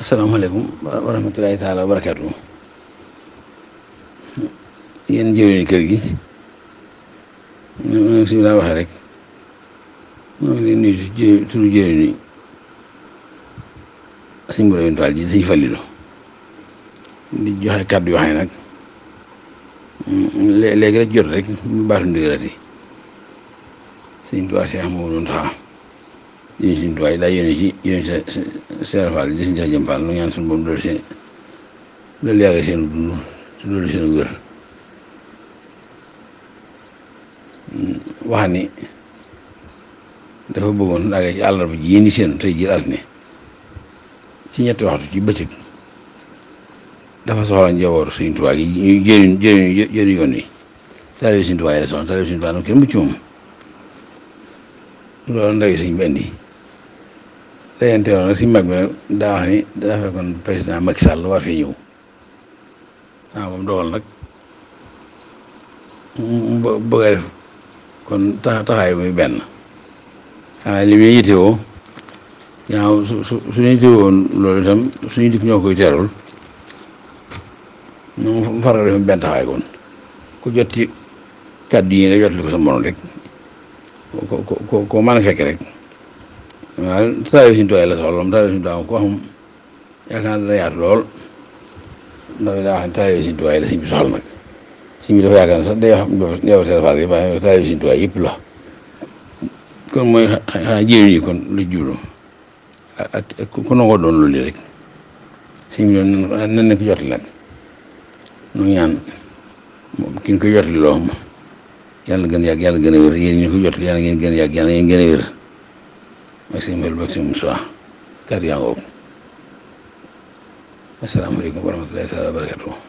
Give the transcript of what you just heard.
asalaamaaleykum wa rahmatulahi taala wa barakaatu yéen jëwriñu kër gi ñoom suñu laa waxee rek ñoo ngi leen nuyu si jë turu jëwriñu suñ borom taal ji suñ di joxe kàddu yoo xam ne nag léegi rek jot rek mu baatu ndigalati suñ tuwaa si amoo doon taxaw yéen si tuwaay daa yéen ci yéen si Seer Faal di si Jëm Faal nu ñaan suñu moom doolu seen loolu yàgg seen dund te doolu seen wér wax ni dafa bëggoon àgg ci ji yéen di seen tey jii ci ñetti waxtu ci bëccëg dafa soxla njabootu suñu tuwaay gi ñuy jëriñ jëriñ jëriñ yoon wi taalibe suñu tuwaay la soxla taalibe bu tuwaay nag kenn mucc moom loolu ndawi sëñ bi reyante woon nag suñu mag bi nag daa ni daa fekkoon président Macky Sall waa fi ñëw ah moom dogal nag mu bëgg a kon tax taxaay muy benn xanaa li muy yittewoo ñaaw su su suñu yittewoon loolu itam suñu dikk ñoo koy teerul mu faral def benn taxaay kon ku jot ci kàddu yi nga jot li ko sa morom rek ko ko ko ko mën a rek. waaw taalibe Sëriñ Tuubaa la soxla moom taalibe Sëriñ Tuubaa ko xam yaakaar naa dana yaatu lool ndax daa wax ne taalibe Sëriñ Tuubaa la sëñ bi soxla nag sëñ bi dafa yaakaar ne sax day xam yow seen faat yi waaye taalibe Sëriñ Tuubaa yëpp la kon mooy xanaa jéem yi kon lu jublu ak ak ku nangoo doon loolu rek sëñ bi doon nan nañ ko jotli nag nu ñaan ki ñu ko jotli loo yàlla gën a yàgg yàlla gën a wér yéen ñu ko jotli yàlla ngeen gën a yàgg yàlla ngeen gën a wér maximum help maximum soin kàddu yaa ngi woowu asalaamaaleykum taala wa